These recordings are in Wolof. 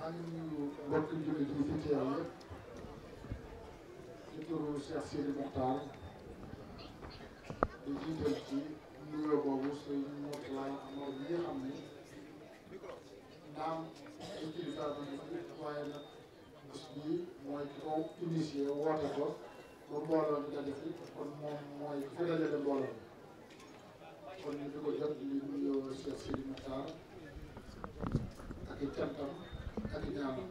maa ngi nuyu mbokk jullit yi fi teew yëpp turu Cheikh Sidi Mokhtar di jiital ci nuyoo boobu sëñ Mourtala Amar bi nga xam ni naam ci kilifa bi waaye nag bés bii mooy ki ko initié woote ko ba mbooloo bi daje fi kon moom mooy ki dajale mbooloo kon ñu di ko jot di nuyoo Cheikh Sidi Mokhtar ak i cantam Khady Diallo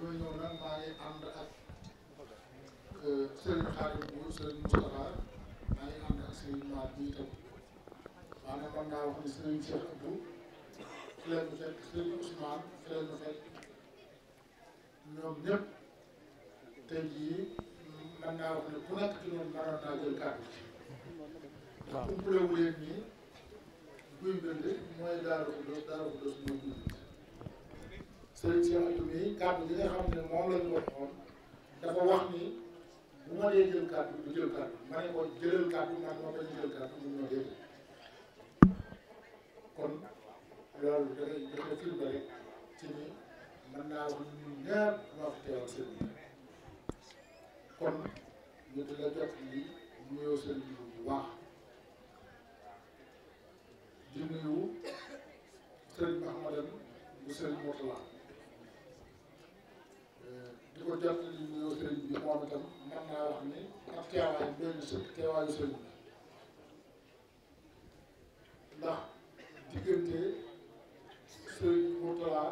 ñooñu ñëw nag maa ngi ànd ak Serigne Khadim Bouy Serigne Moustapha maa ngi ànd ak Serigne Mar bii tam maanaam mën wax ni Serigne Cheikh Abdou fi leen ñu naa jël kàddu ci. waaw ndax kumpulewuleen nii guy bind mooy Daaru Xudoos Daaru Xudoos mooy guy bind sëriñ Cheikh Atou Mbaye kàddu gi nga xam ne moom la ñu waxoon dafa wax ni bu ma dee jël kàddu du jël kàddu ma ne ko jëlal kàddu man ñoo dee kon loolu dafay dafay firnde ci ni mën naa wax ñun ñaar ñoo teewal sëriñ bi kon ñu di la jot li nuyoo sëriñ bi bu baax di nuyu sëriñ Mahamadan bu di euh, ko jot li nuyoo sëriñ moom itam mën naa wax ni ak teewaay doy na sëkk teewaayu sëriñ ndax diggante sëriñ Mourtala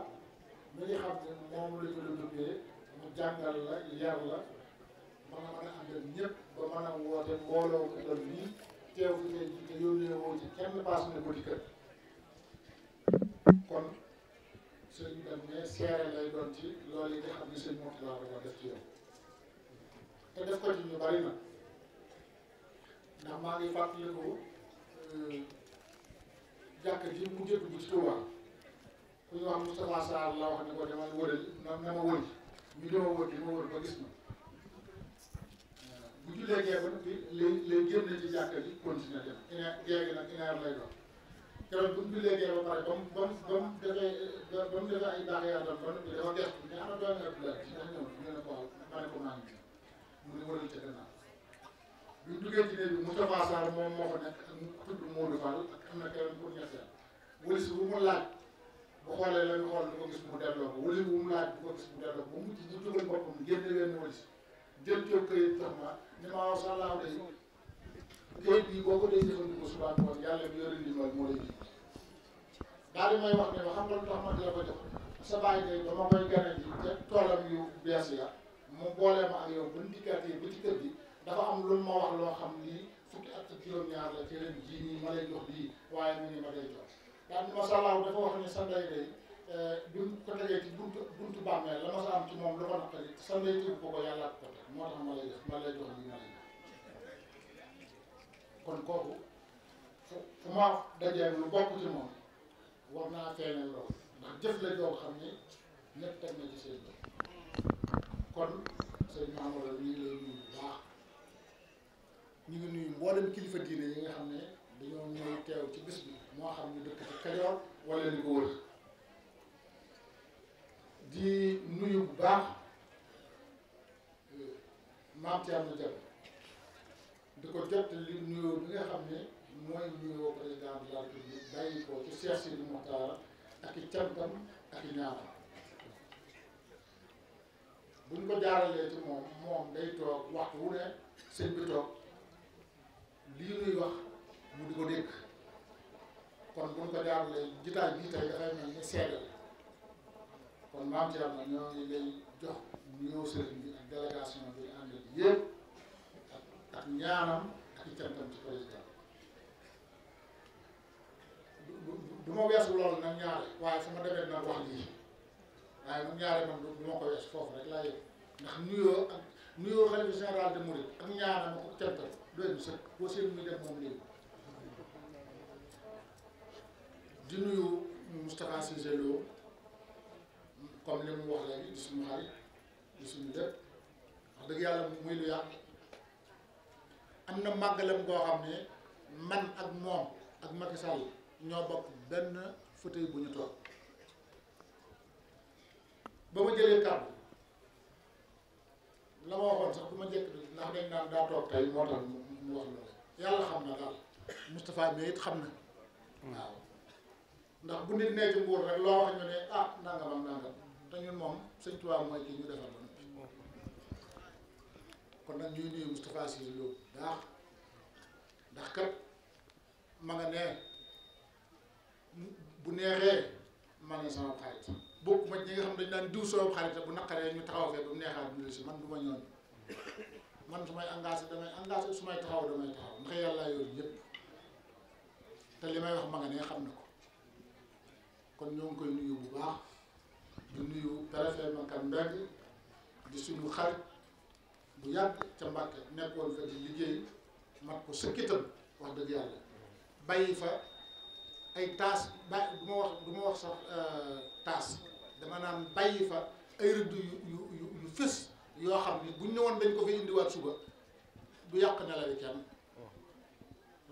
mi ngi xam ne moom la ko dundee mu jàngal la yar la mën a mën a àndal ñëpp ba mën a woote mbooloo ko dal nii teew fi ngay jiite yónnee woo ci kenn paas na ko dikkal kon sëriñ bi daf ne seere lay doon loolu yi nga xam ne sëñ Mourtada ko def ci te def ko ci ñu bari na ndax maa ngi fàttaliku euh, jàkk ji mu jëkk ji ci Touba ku ñu wax Moustapha Sarr la wax ne ko dama wëral noonu na ma wëri ñu dama wër li ma wër ba gis ma euh, bu jullee gee ba noppi lay lay génn ci jàkk ji continuer dem une heure léegi nag une keroog bu ñu jullee gee ba pare ba mu ba mu ba mu defee ba mu defee ay baax yàlla ba noppi dafa gerte bi mais ana doy nga Abdoulaye ci ndax ñëw ñu ne ko waaw ma ne ko maa ngi mu ne wëral ca gannaaw bi ñu duggee ci néeg bi Moustapha Sarr moom moo fa nekk ak tudd Modou Fall ak am na keneen pour ñetteel wëlis bu mu laaj bu xoolee la ñu xool du ko gis mu delloo ko wëlis bu mu laaj du ko gis mu delloo ko ba mujj ñu dugal boppam génne leen wëlis jël coow këyit jox ma ne ma waaw sàllaaw day këyit bi boo ko dee jëfandikoo subaa ngoon yàlla bi yore ndimbal moo lay ji daal di may wax ne ma xam nga lu tax ma di la ko jox sa bàyyi de dama koy gane ji ca toolam yu bees ya mu boolee ma ak yow buñ dikkaatee ba ci kër gi dafa am lu ma wax loo xam lii fukki at ak juróom-ñaar la ci ren jii nii ma lay jox lii waaye mu ni ma lay jox daal di dafa wax ne sa day eh, bi mu ko tegee ci buntu buntu la ma sa am ci moom lu ko naqari sa ndey tëb ko yàlla ko teg ma lay jox kon kooku fu fu moom war naa feeñal lool ndax jëf la xam ne ñëpp teg na seen bopp kon sëñ Mamadou ñu ngi lay nuyu bu baax ñu ngi nuyu mboolem kilifa diine yi nga xam ne dañoo ñëw teew ci bis bi moo xam ne dëkk ci Kajoor wala ñu ko wër di nuyu bu baax euh, maam Thierno Diop di ko jot li nuyoo bi nga xam ne. mooy ñu ngi woo président de la République bàyyi ko ci Cheikh Sidi Mokhtar ak i cantam ak i ñaanam buñ ko jaaralee ci moom moom day toog waxtu wu bi toog lii nuy wax mu di ko dégg kon buñ ko jaaralee jitaay bii tey dafay mel ni seedal kon maam Thierno ñoo ngi lay jox nuyoo sëriñ bi ak délégation bi ànd yëpp ak ak ak i cantam ci président du ma weesu loolu nag ñaare waaye sama demee nag wax lii waaye nag ñaare man du ma ko weesu foofu rek laa yëg ndax nuyoo ak nuyoo xalifa général de Mouride ak ñaanam ak cant doy na sëkk boo seen muy li mu wax léegi xarit di suñu lépp wax dëgg yàlla muy lu yàq am na màggalam goo xam ne man ak moom ak Macky ñoo bokk benn fauteuil bu ñu toog ba ma jëlee kàddu la ma waxoon sax bu ma njëkk ndax dañ naan daa toog tey moo tax mu wax loolu yàlla xam na daal Moustapha mais it xam na waaw ndax bu nit nee ci nguur rek loo wax ñu ne ah nangam ak nangam te ñun moom sëñ mooy kii ñu defar ba noppi kon nag ñuy nuyu Moustapha Cissé Lo baax ndax kat ma nga nee bu neexee man la sama xarit bokk ma ñi nga xam dañ daan diw sama xarit bu naqaree ñu taxaw fee bu neexaat ñu si man du ma ñooñu man su may engagé damay engagé su sumay taxaw damay taxaw ndax yàlla yooyu yëpp te li may wax ma nga ne xam na ko kon ñoo ngi koy nuyu bu baax di nuyu préfet Makan Mbengue di suñu xarit bu yàgg ca Mbàkke nekkoon fa di mat ko sëkkitam wax dëgg yàlla bàyyi fa ay taas ba du ma wax du ma wax sax euh, taas dama naan bàyyi fa ay rëdd yu yu yu fës yoo xam ni buñ ne woon dañ ko fi indiwaat suba du yàq nelawi kenn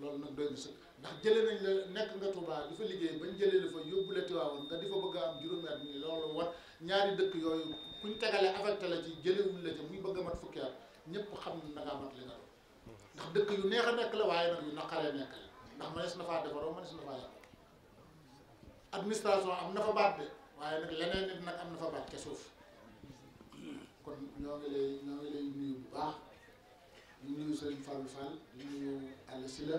loolu nag doy na sëkk ndax jëlee nañ la nekk nga Touba di fa liggéey bañ jëlee la fa yóbbu la Tiwaawan nga di fa bëgg a am juróomi at nii loolu war ñaari dëkk yooyu kuñ tegale affecté la ci jëlewuñ la ca muy bëgg a mat fukki at ñëpp xam na nga mat li nga doon ndax dëkk yu neex a nekk la waaye nag yu naqaree nekk la ndax mënees na faa defaroo mënees na faa yàq administration am na fa baat de waaye nag leneen nit nag am na fa baat ca suuf kon ñoo ngi lay ñoo ngi lay nuyu bu baax di nuyu Serigne Fallou Fall di nuyu Alla Sylla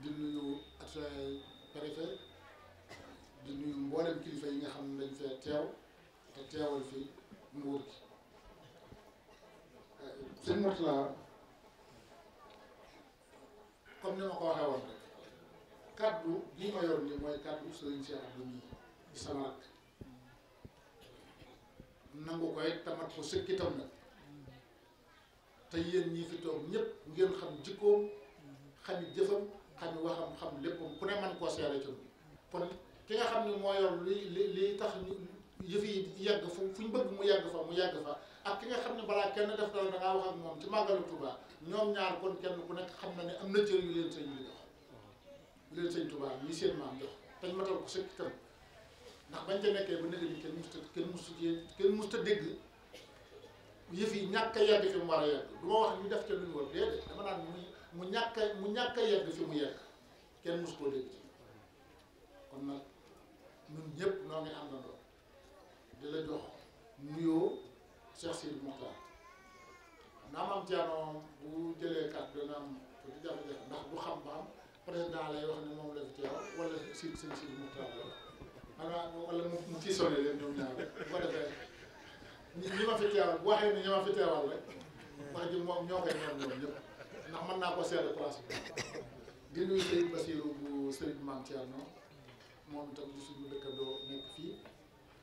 di nuyu adjoint préfet di nuyu mboolem kilifa yi nga xam ne dañ fee teew te teewal fi nguur gi euh, sëñ Mourtala comme ni ma ko waxee woon kaddu gi ma yor nii mooy kaddu Serigne Cheikh Abdou mi di sama rakk nangu ko it tamat ko sëkkitam nag te yéen ñii fi toog ñëpp ngeen xam jikkoom xami jëfam xami waxam xam léppam ku ne man koo seere ci kon ki nga xam ne moo yor li li li tax yëf yi yàgg fu fu ñu bëgg mu yegg fa mu yàgg fa ak ki nga xam ne balaa kenn def dara da ngaa wax ak moom ci màggalu Tuubaa ñoom ñaar kon kenn ku nekk xam na ne am na cër yu leen sëñ bi jox bu leen sëñ Touba ñi seen maam jox tañ matal ko sëkk itam ndax bañ ca nekkee ba nekk ni kenn musta kenn musta kenn musta dégg yëf yi ñàkk yegg fi mu war a yegg du ma wax ñu def ca lu ñu war déedéet dama naan mu mu ñàkk mu ñàkk a yegg fi mu yegg kenn mus koo dégg ci kon nag ñun ñëpp noo ngi àndandoo di la naa maam Thierno bu jëlee kàddu dana am ndax du xam ba président lay wax ne moom la fi teew wala si si si Mokhtar la xanaa wala mu mu ci sonné leen ñoom ñaar bu ko defee ñi ñi ma fi teewal bu waxee ni ñi ma fi teewal rek wax ji moom ñoo koy sa doom ji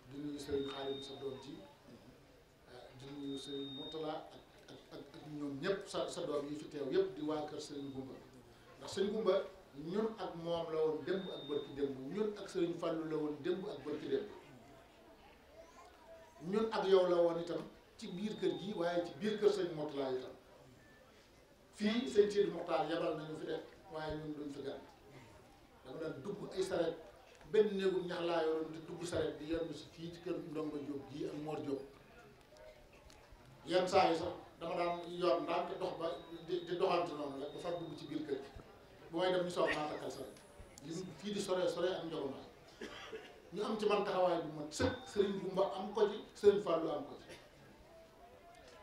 di nuyu Serigne Moutala ak ak ak ñoom ñëpp sa sa doom yi fi teew yëpp di waa kër Serigne Goumba. ndax sëñ Gumba ñun ak moom la woon démb ak bërki démb ñun ak sëriñ Fàllu woon démb ak bërki démb ñun ak yow la woon itam ci biir kër gi waaye ci biir kër sëñ Mourtala itam fii sëñ Sidi Mourtala yabal nañu fi def waaye ñun duñ fi gan dama daan dugg ay saret benn néegu ñax laa yoroon di dugg saret bi yenn si fii ci kër Ndongo Diop gii ak Mor Diop yenn saa yi sax dama daan yor ndànk dox ba di doxante noonu rek ba far dugg ci biir kër gi bu may dem ñu soog maa takkal sore li fii di sore sore am njogomaay ñu am ci man taxawaay bu mat sëkk sëriñ Gumba am ko ci sëriñ Fallou am ko ci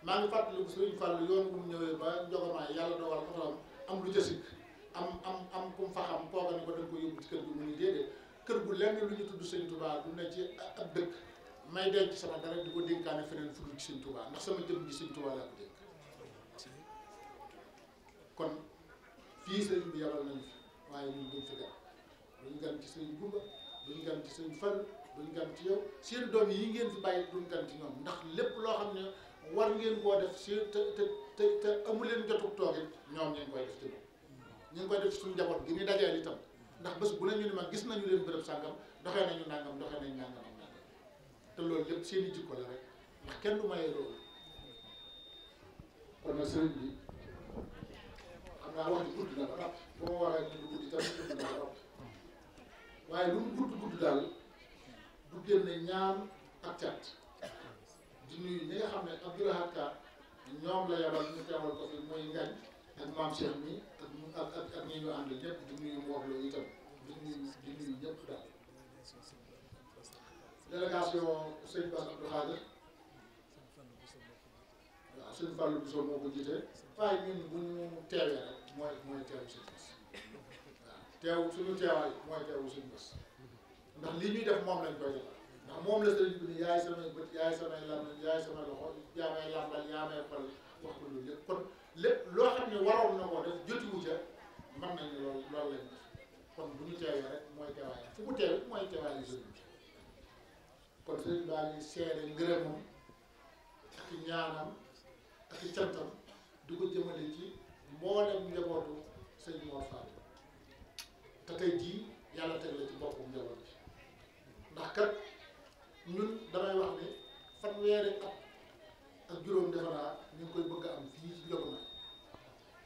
maa ngi fàttaliku sëriñ Fallou yoon bu ñëwee ba njogomaay yàlla dogal ko am lu jësik am am am ku mu fa xam pooga ni ko ko yóbbu ci kër gi mu ngi déedéet kër gu lenn lu ñu tudd sëriñ Touba du ne ci ab dëkk may denc sama dara di ko dénkaane feneen fu ci sëriñ Touba ndax sama jëm gi sëriñ Touba fii sëriñ bi yabal nañu fi waaye ñun duñ fi gan duñ gan ci sëriñ Bumba duñ gan ci seen Fall duñ gan ci yow seen doom yi ngeen fi bàyyi duñ gan ci ñoom ndax lépp loo xam ne war ngeen koo def seen te te te amu leen jotug toog it ñoom ngeen koy def ci moom ñu def suñu njaboot gi ñu dajeel itam ndax bés bu ne ñu ma gis nañu leen bërëb sàngam doxee nañu nangam doxee te loolu lépp seen i jikko la rek ndax kenn du maye loolu kon nag sëriñ bi ndax wax ji waaye lu mu gudd gudd daal du génne ñaan ak cat di nuyu ñi nga xam ne Abdou Lahad Ka ñoom la yabal ñu teewal ko fi muy ngañ ak maam Cheikh mi ak mu ak ak ak ñi ñu àndal ñëpp di nuyu mu wax loolu itam di nuyu di nuyu ñëpp daal. délégation sëñ Bass Abdou Khadir waaw sëñ Fallou Bissou moo ko jiite waaye ñun bu ñu teewee rek. mooy mooy teewu seen bés waaw teew suñu teewaay mooy teewu suñu bés ndax li ñuy def moom lañ koy def ndax moom la sëriñ bi ni yaay samay bët yaay samay làmmiñ yaay samay loxo yaa may làmbal yaa may xol wax ko loolu lépp kon lépp loo xam ne waroon na koo def jotiwu ca mën nañ ne loolu loolu lañ def kon bu ñu teewee rek mooy teewaay fu mu teew mooy teewaayu sëriñ bi kon sëriñ baa ngi seere ngërëmam ak ñaanam ak cantam du ko jëmale ci mboolem njabootu sëñ Mor Fall te tey jii yàlla teg la ci boppam njaboot bi ndax kat ñun damay wax ne fanweeri at ak juróom defe naa ñu ngi koy bëgg a am fii ci Njoguna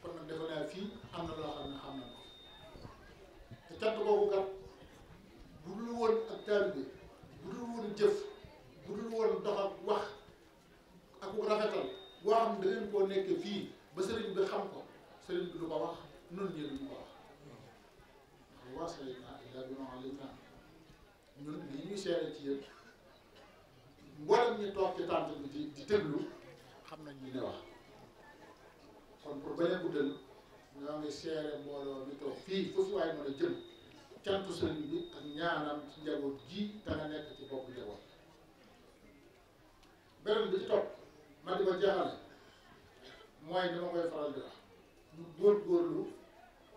kon nag defe naa fii am na loo xam ne xam na te cant boobu kat bu dul woon ak taalibe bu dul woon jëf bu dul woon dox ak wax ak rafetal boo xam ne da ngeen koo nekk fii ba sëriñ bi xam ko sëriñ ko wax nun ñi duñu ko wax ndax wasaynaa ilaa bimaa alimnaa ñun li ñuy seere ci yéen mboolem ñi toog ci tànt bi di di xam nañ ñu ne wax kon pour bañ a guddal ñoo ngi seere mbooloo bi toog fii foofu waaye mën a jëm cantu sëriñ bi ak ñaanam ci njaboot gi te nga nekk ci bopp njaboot beneen bi ci ma di ko jeexale mooy ni ma koy faral di ñu góorgóorlu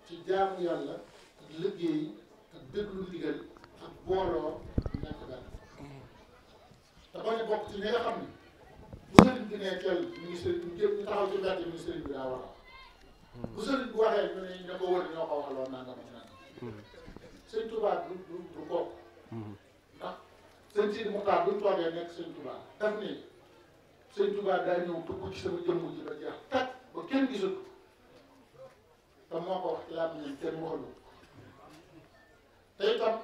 ci jaamu yàlla ak liggéey ak déglu ndigal ak booloo nekk benn te bañ a bokk ci ñi nga xam ne bu sëriñ bi nee kel ministère bi jëpp ñu taxaw ci mbedd ministère bi daa a bu sëriñ bu waxee ñu ne ña ñoo ko waxaloon nangam ak nangam sëñ tubaab du du du bokk ndax sëñ Sidi Muxtaar buñ toogee nekk sëñ tubaab daf ni sëñ tubaab ñëw dugg ci sama jëmm ji ba jeex tàkk ba kenn gisut te moo ko wax ci laa mujjee kenn waxalu te itam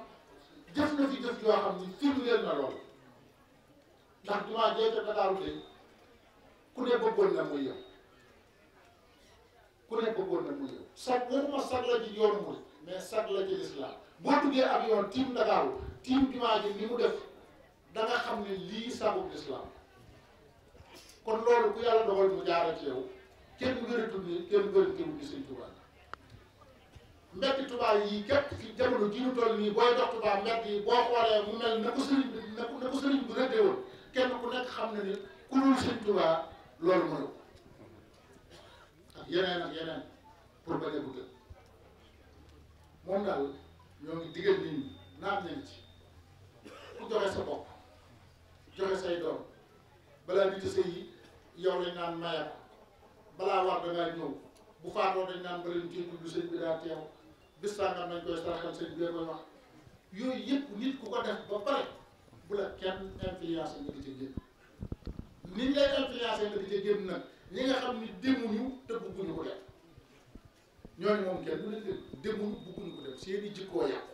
jëf na fi jëf yoo xam ni firndeel na lool ndax jumaa jee ca Dakaaru de ku ne bëggoon na muy yow ku ne bëggoon na muy yow sag waxuma sag la ci yoon muy mais sag la ci lislaam boo duggee ak yoon tiim Dakaaru tiim jumaa ji ni mu def da xam ne lii sagub lislaam kon loolu ku yàlla dogal mu jaara ci yow kenn gërëtul ni kenn gërëtul ni Sëñ Tuubaa mbedd Touba yi képp ci jamono ji ñu toll booy dox Touba mbedd yi boo xoolee mu mel na ko sëriñ bi na ko kenn ku nekk xam na ni ku dul sëriñ lool loolu ak yeneen ak yeneen pour bañ a guddal moom daal ñoo ngi digal nit ñi naat nañ ci ku joxe sa bopp joxe say doom balaa nit sëy yi yow lañ naan maye ko balaa bu faatoo dañ naan ba leen téye du sëñ bi daa bis sàngam nañ koy saraxal sëñ bi koy wax yooyu yëpp nit ku ko def ba pare bu la kenn influence nga di ca génn niñ lay influence nga di ca génn nag ñi nga xam ni demuñu te bëgguñu ko def ñooñu moom kenn du leen dégg demuñu bëgguñu ko def seeni jikkoo yàqu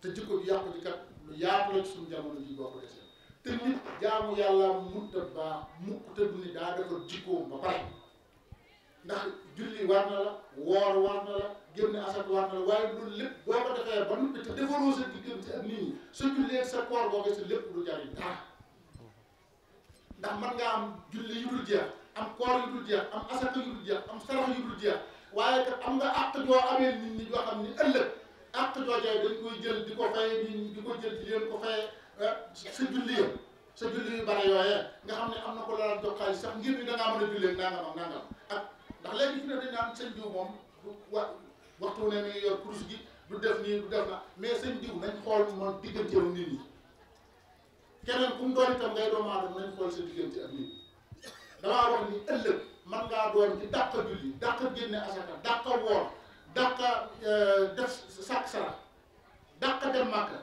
te jikko bi yàqu ji lu yaatu la suñu jamono ji boo ko desee te nit jaamu yàlla mut a baax mukk te du ni daa defar jikkoom ba pare ndax julli war na la woor war na la génne asat war na la waaye loolu lépp boo ko defee ba noppi te defaroo sa diggante ak nit boo lépp du jariñ dara ndax mën ngaa am julli yu dul jeex am koor yu dul jeex am asat yu dul jeex am sarax yu dul jeex waaye am nga àq joo amee nit ñi joo xam ni ëllëg àq joojee dañ koy jël di ko fay nit ñi di ko jël di leen ko fay eh, sa julli yëpp sa julli yu bare yooyee nga xam ne am na ko la jox xaalis sax ngir ni da ngaa mën a jullee nangam ak nangam ndax léegi fi ne dañ naan diw moom du wa waxtu ne mi ngi yor kurus gi du def nii du def na mais sëñ diw nañ xool moom digganteem nit ñi keneen ku mu doon itam ngay doomu aadama nañ xool sa diggante ak nit ñi damaa wax ni ëllëg man ngaa doon ci dàq julli dàq génne asaka dàq woor dàq euh, def sàkk sara dàq dem màkka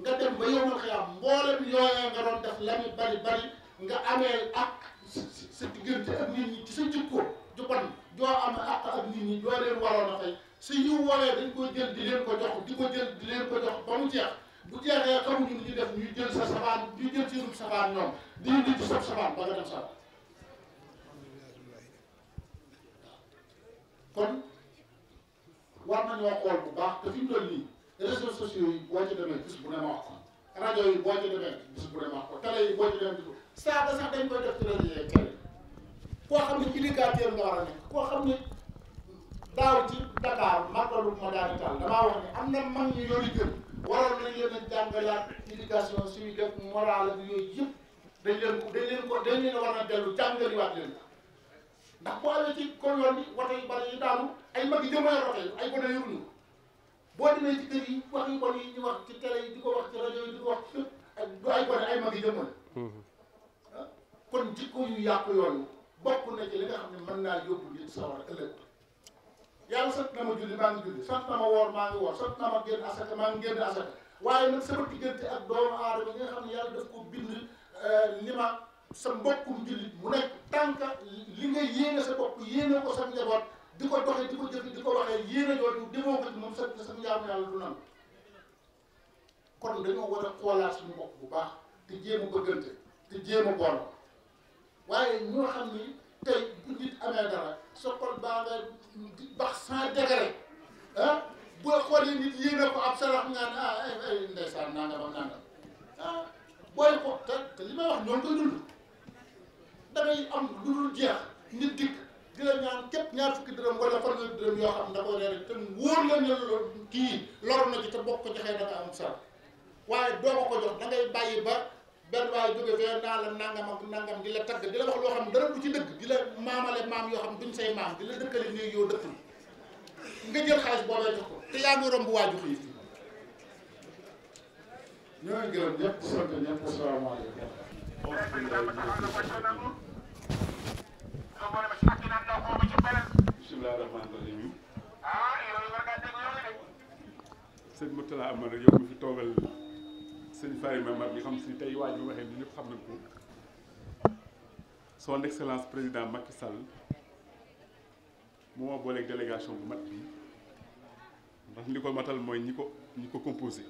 nga dem ba yomal xiyaam mboolem yooyee nga doon def la mu bari bari nga amee ak sa diggante ak nit ñi ci sa jikko ju bon joo am àq ak nit ñi doo leen waroon a fay su ñu woolee dañ ko jël di leen ko jox di ko jël di leen ko jox ba mu jeex bu jeexee xamuñu ni ñu def ñu jël sa sabaan ñu jël seen sabaan ñoom di indi ci sa sabaan ba nga dem sabaan kon war nañoo xool bu baax te fi mu toll nii réseaux sociaux yi boo ci demee gis bu ne ma wax ko rajo yi boo ci demee gis bu ko télé yi boo ci demee gis bu saaka sax dañ koy def ci rajo yi koo xam ne illégataire nga war a koo xam ne daaw ci Dakar màggalu modalité damaa wax ne am na mag ñu yoonu jël waroon nañ leen a jàngalaat éducation suñu def morale bi yooyu yëpp dañ leen ko dañ leen ko dañ leen war yu bari yi daanu ay mag yi jëmale woto ay gone boo demee ci kër yi wax ñu wax ci télé yi di ko wax ci rajo yi di ko wax ci fépp ay du ay gone ay mag yi jëmale mm-hmm. ah, kon jikko yu yàqu yoon bokk na ci li nga xam ne mën naa yóbbu nit sawar ëllëg yàlla sant na ma julli maa ngi julli sant na ma woor maa ngi woor sant na ma génn asaka maa ngi génn asaka waaye nag sama diggante ak doomu aadama yi nga xam ne yàlla daf bind euh, ni sa mbokkum jullit mu nekk tànka li nga yéene sa bopp yéene ko sa njaboot di ko doxee di ko jëfe di ko waxee yéene jooju demoo ko ci moom sa sa njaamu yàlla du nan kon dañoo war a xoolaat suñu bopp bu baax te jéem a bëggante te jéem a booloo waaye ñoo xam ni tey bu nit amee dara sa xol baa nga bax sans degré ah boo xoolee nit yéene ko ab sarax nga ne ah ay eh, eh, ndeysaan nangam ak nangam ah booy ko te te li may wax ñoo ngi koy dund am lu dul jeex nit dikk di la ñaan képp ñaar fukki dërëm wala fanweeri dërëm yoo xam da ko reere te wóor la ne loolu kii lor na ci te bokk ko joxee da nga am sarax waaye doo ko ko jox da bàyyi ba. benn waay jóge fee naa la nangam ak nangam di la tagg di la wax loo xam dara du ci dëgg di la maamale maam yoo xam duñ say maam di la dëkkale nii yow dëkkul nga jël xaalis boobee jox ko te yaa ngi romb waaju xiif sëñ Fary Mamar bi xam si tey waa ji waxee ni ñëpp xam nañ ko son excellence président Macky Sall ma booleeg délégation bu mat bi ndax li ko matal mooy ñi ko ñi ko composé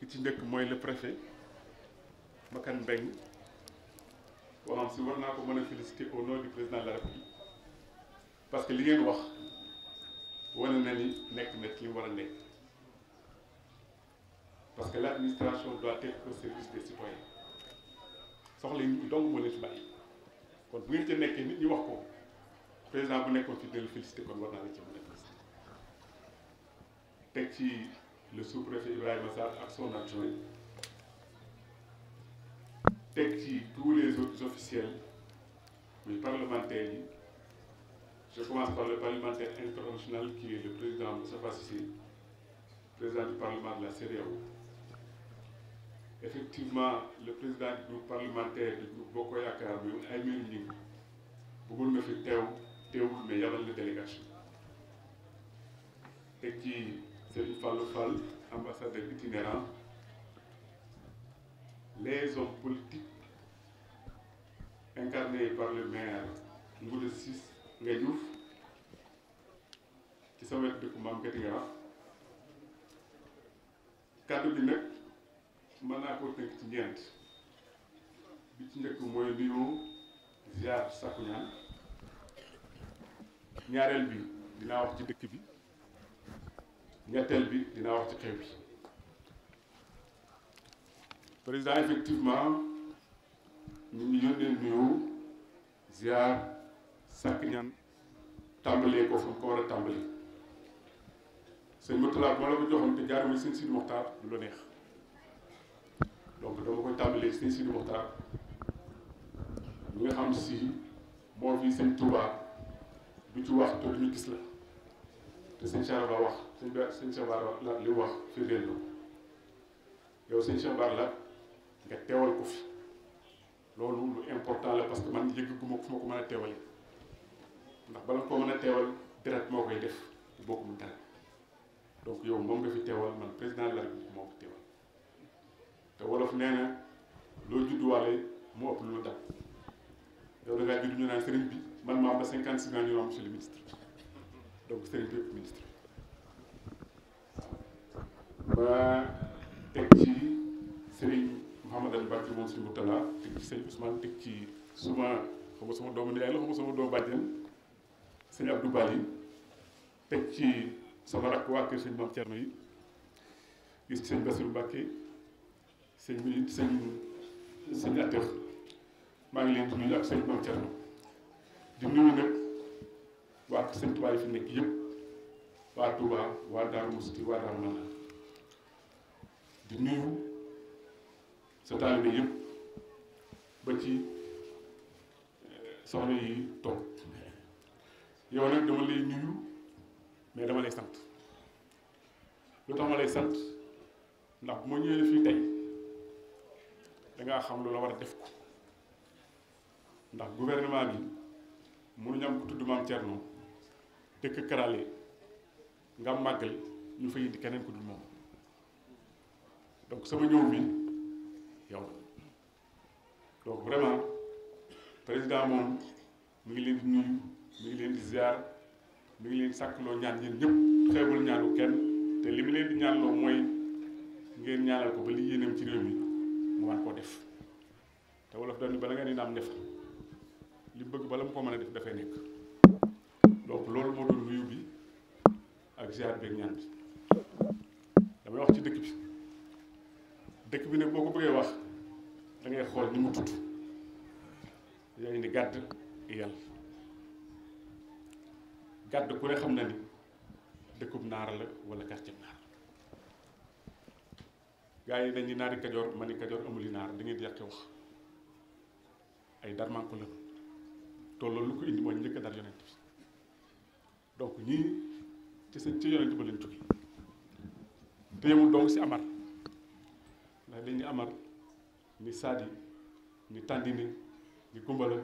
ki ci njëkk mooy le préfet Makan Mbeng boo xam si war naa ko mën a féliciter au nom président de la République parce que li ngeen wax wane na ni nekk na ci war a nekk parce que l'administration doit être au service des citoyens soxla yi nit ñi fi bàyyi kon bu ngeen ca nekkee nit ñi wax ko président bu nekkoon fi dal félicité kon war naa la ci mën a félicité teg ci le sous-préfet Ibrahima Sarr ak son adjoint teg ci tous les autres officiels muy parlementaires yi je commence par le parlementaire international qui le président Moussa Fassissé président du parlement de la CEDEAO effectivement le président du groupe parlementaire du groupe Bokk Yaakaar bi Aymérou Gningue bëggoon na fi teew teewul mais yabal na délégation teg ci Serigne Fallou Fall ambassadeur itinérant les hommes politiques incarnés par le maire Ngouda Ciss Nga Diouf ci sa wet dëkku maam Gati Ngaraaf kàddu mën naa koo tënk ci ñeent bi ci njëkk mooy nuyoo ziar sakku ñaan ñaareel bi dinaa wax ci dëkk bi ñetteel bi dinaa wax ci xew bi président effectivement ñu ngi yónnee nuyoo ziar sakku ñaan tàmbalee ko fu mu ko war a tàmbalee sëñ Murtala moo la ko joxoon te jaar muy sëñ Sidi Moxtaar du la neex. donc dama koy tàmbalee si Sidi Mokhtar mi nga xam si moo fi sëñ Touba du ci wax te du ñu gis la te sëñ Cheikh wax sëñ Ba sëñ Cheikh la li mu wax firndeel na yow sëñ Cheikh la nga teewal ko fi loolu lu important la parce que man yëgguma ko fu ma ko mën a teewale ndax bala ko mën a teewal deret moo koy def te bokku mu dara donc yow moom nga fi teewal man président de la République moo ko teewal te wolof nee na loo judduwaale moo ëpp lu la dab yow da ngaa judd sëriñ bi man maa ba cinquante six ans ñu naan monsieur le ministre donc sëriñ bi ministre ba teg ci sëriñ Mouhamad Ali Bakri moom sëriñ Moutala teg teg ci suma xam nga sama doomu nijaay la xam nga sama doomu bàjjen sëriñ Abdou teg ci sama rakk waa kër sëriñ Mame yi gis ci sëriñ Bassirou sëñ bi sëñ sëñ maa ngi leen di nuyu ak sëñ Mame Thierno di nuyu nag waa sëñ Tuubaa yi fi nekk yëpp waa Touba waa Darou Mousty waa Darou Manane di nuyu sa taalibe yëpp ba ci eh, soxna yi toog yow nag dama lay nuyu mais dama lay sant lu tax lay sant ndax bu ma ñëwee fii tey. dangaa xam lu la war a def ko ndax gouvernement bi mënuñu am ku tudd maam Thierno dëkk karale nga màggal ñu fa indi keneen ku dul moom donc sama ñëw bi yow donc vraiment président moom mu ngi leen di nuyu mi ngi leen di ziar mi ngi leen sàkkloo ñaan ñeen ñëpp xeebul ñaanu kenn te li mu leen di ñaanloo mooy ngeen ñaanal ko ba li yéenam ci réew mi mu mën koo def te wolof dañu bala nga ni naam def li bëgg bala mu ko mën a def dafay nekk donc loolu moo doon nuyu bi ak ziar bi ak ñaan bi damay wax ci dëkk bi dëkk bi ne boo ko bëggee wax da ngay xool ni mu tudd yaa ngi ni gàdd yàlla gàdd ku ne xam na ni dëkkub naar la wala quartier naar gars yi dañuy naari kajoor ma ni kajoor amuli naar da ngeen di yàqi wax ay dar man ko lu ko indi mooy njëkk dar yonent bi donc ñii ci seen ci yonent ba leen jóge téewul donc si amar ndax dañuy amar ni saadi ni tàndine ni gumbala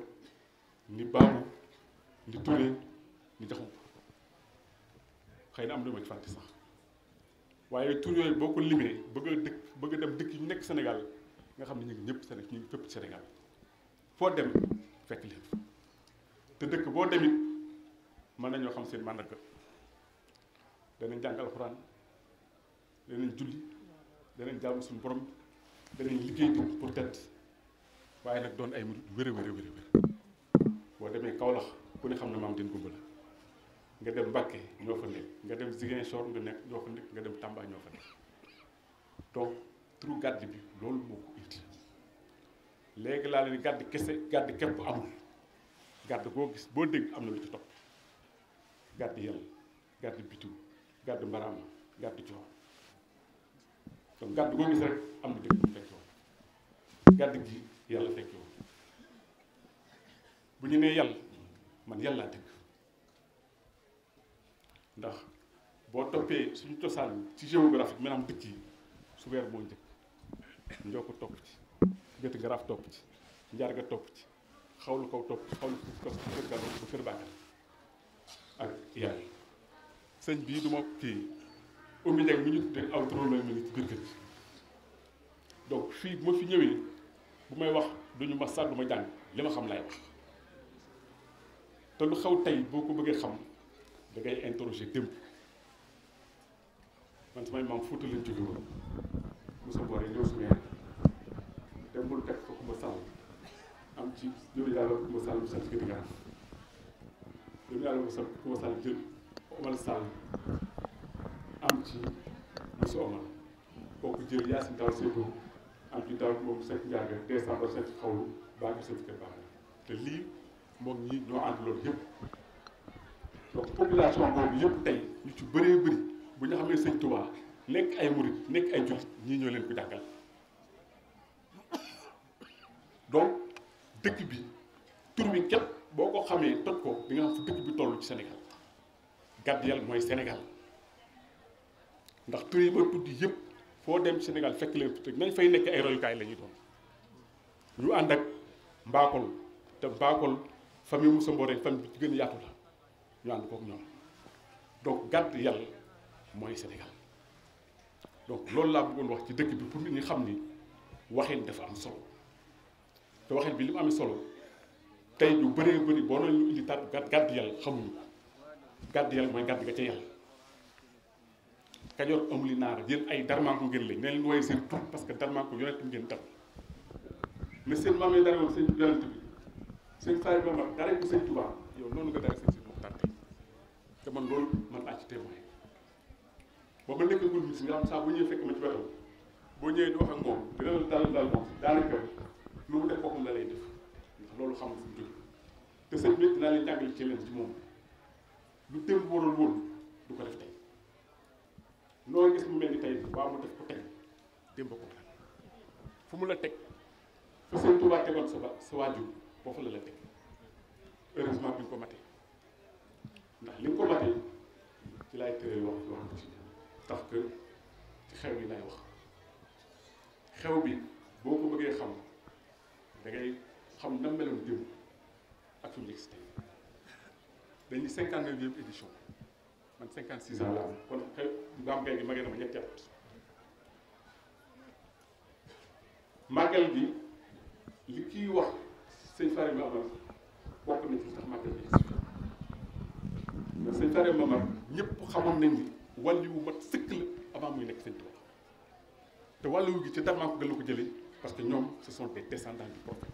ni baabu ni turee ni jaxum xëy na am na ma fàtte sax waaye tur yooyu boo ko limee bëgg dëkk bëgg dem dëkk yu nekk Sénégal nga xam ne ñu ngi ñëpp Sénégal ñu ngi fépp Sénégal foo dem fekk leen te dëkk boo demit mën nañoo xam seen màndarga danañ jàng alxuraan danañ julli danañ jaamu suñu borom danañ liggéey di pour tedd waaye nag doon ay murid wér a boo demee Kaolack ku ne xam ne maam den gumba la nga dem Mbacké ñoo fa nekk nga dem Ziguinchor nga nekk ñoo fa nekk nga dem Tamba ñoo fa nekk donc turu gàdd bi loolu moo ko indi léegi laa leen gàdd kese gàdd képp amul gàdd boo gis boo dégg am na lu ci topp gàdd yàlla gàdd bitu gàdd mbaraama gàdd coor donc gàdd boo gis rek am na dégg bu fekkoo gàdd gi yàlla fekkoo bu ñu nee yàlla man yàlla laa ndax boo toppee suñu cosaan ci géographique maanaam dëkk yi su weer boo njëkk njokk topp ci gët garaaf topp ci njaarga topp ci xawlu kaw topp ci xawlu suuf topp ci kër galo ba kër bàkkat ak yaay sëñ bii du kii Oumy Ndiaye mi ñu aw turam la mi ngi ci biir kër gi donc fii bu ma fi ñëwee bu may wax duñu ma sàdd ma jàng li ma xam laay wax te lu xew tey boo ko bëggee xam da ngay interroger démb man samay maam Fuuta lañ jóge woon Moussa Boré ko Kumba Sall am ci ñëw yàlla Kumba Sall bu sant gëdd gaaf ñëw yàlla bu sant Kumba Sall jël Omal Sall am ci Moussa Omal kooku jël Yaasin Daw Seydou am ci daw moom Seck Ndiaga décembre Seck xawlu baa ngi sant kër baax te lii moom ñi ñoo ànd loolu yëpp donc population boobu yëpp tey ñu ci bëree bëri bu ñu xamee sëñ Tuubaa nekk ay murit nekk ay jullit ñii ñoo leen ko jàngal donc dëkk bi tur bi képp boo ko xamee toj ko di xam fu dëkk bi toll ci Sénégal Gadeyelle mooy senegal ndax tur ba ma tudd yëpp foo dem Sénégal fekk leen fi nañ fay nekk ay royukaay lañuy ñuy doon ñu ànd ak mbaakol te mbaakol famille Moussa Mboré famille bi ci gën a yaatu la ñu ànd kook ñoom yàlla mooy Sénégal donc loolu laa bëggoon wax ci dëkk bi pour nit ñi xam ni waxin dafa am solo te waxin bi li mu solo tey ñu bëree bëri boo doon ñu indi taat gàddu yàlla xamuñu ko gàddu yàlla mooy gàddu ga ca yàlla. Kajoor amul i naar seen tur parce que darmanko yonent ngeen seen maam yi tubaab te man loolu man laa ci témoin ba ma nekk gul ministre nga xam saa boo ñëwee fekk ma ci wetam boo ñëwee di ak moom dina la dal dal moom daanaka lu mu la lay def ndax loolu xamul fu mu jóge te sëñ bi dinaa leen jàngale ci leen ci moom lu démb waroon woon du ko def tey noo gis mu mel ni tey waa mu def ko tey démb ko fu mu la teg fa sëñ Tuubaa tegoon sa ba sa waajur foofu la la teg heureusement bi ñu ko matee ndax li nga ko matee ci laay tëral wax wax ko ci tax que ci xew yi lay wax xew bi boo ko bëggee xam da ngay xam na meloon démb ak fi mu nekk si dañuy cinquante neuvième édition man cinquante six ans la am kon xew Bambey gi magee na ma ñetti at màggal li kiy wax sëñ Fari bi amal bokk na ci tax màggal sëñ Saare Mamar ñëpp xamoon nañ ni wu mat sëkk la avant muy nekk sëñ Tuubaa te wàllu gi ci Darmanko ga la ko jëlee parce que ñoom ce sont des descendants du prophète